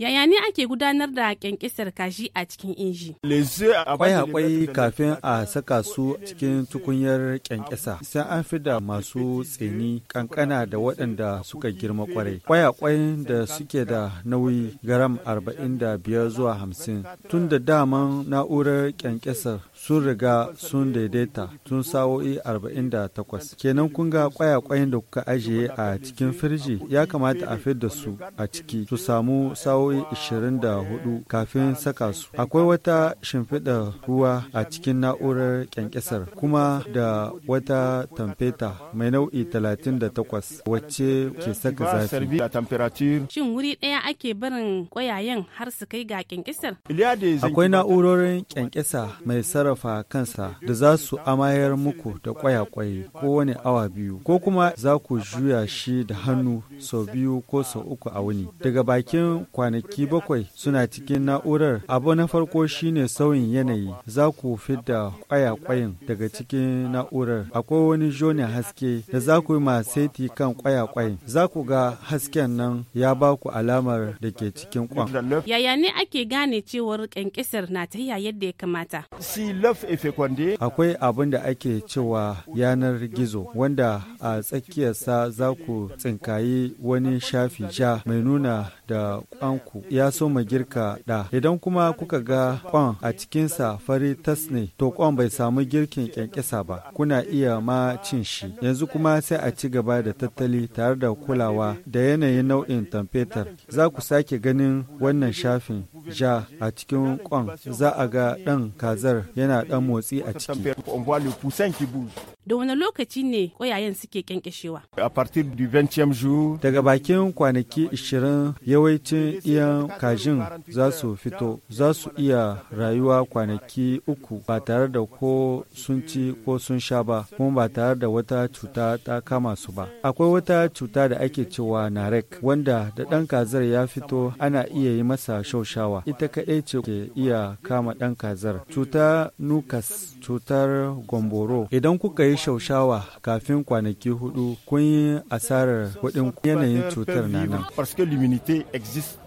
Yaya ne ake gudanar da kyankisar kashi a cikin inji? Akwai akwai kafin a saka su cikin tukunyar kyankisa. Sai an fi da masu tsini kankana da waɗanda suka girma kwarai. Akwai akwai da suke da nauyi garam 45 zuwa hamsin, Tun da daman na'urar kyankisar sun riga sun daidaita tun sa'o'i 48. Kenan kun ga kwayakwayen da kuka ajiye a cikin firji ya kamata a fi da su a ciki su samu sa'o'i sa'o'i 24 kafin saka su. Akwai wata shimfiɗa ruwa a cikin na'urar kyankyasar kuma da wata tamfeta mai nau'i 38 wacce ke saka zafi. Shin wuri ɗaya ake barin ƙwayayen har su kai ga kyankyasar Akwai na'urorin kyankyasa mai sarrafa kansa da za su amayar muku da ƙwayaƙwaye kowane awa biyu ko kuma za ku juya shi da hannu sau biyu ko sau uku a wuni. Daga bakin kwanaki kwanaki bakwai suna cikin na'urar abu na farko shine sauyin yanayi za ku fidda kwayakwayin daga cikin na'urar akwai wani jone haske da za ku yi seti kan kwayakwayin za ku ga hasken nan ya ba ku alamar da ke cikin kwan yaya ne ake gane cewar kyankyasar na yadda ya kamata akwai abin da ake cewa yanar gizo wanda a tsakiyarsa za ku tsinkayi wani shafi ja mai nuna da kwan ku ya soma girka ɗa idan kuma kuka ga kwan a cikinsa fari tas ne to kwan bai samu girkin kyankyasa ba kuna iya ma cin shi yanzu kuma sai a ci gaba da tattali tare da kulawa da yanayin nau'in tamfetar za ku sake ganin wannan shafin ja a cikin kwan za a ga ɗan kazar yana ɗan motsi a ciki da wani lokaci ne ƙwayayen suke kyankyashewa. A partir du 20 jour daga bakin kwanaki 20 yawancin iyan kajin za su fito za su iya rayuwa kwanaki uku ba tare da ko sun ci ko sun sha ba kuma ba tare da wata cuta ta kama su ba. Akwai wata cuta da ake cewa narek wanda da ɗan kazar ya fito ana iya yi masa shaushawa ita kaɗai ce ke iya kama ɗan kazar. Cuta nukas cutar gomboro idan kuka yi yi shaushawa kafin kwanaki hudu kun yi asarar kuɗin yanayin cutar na nan.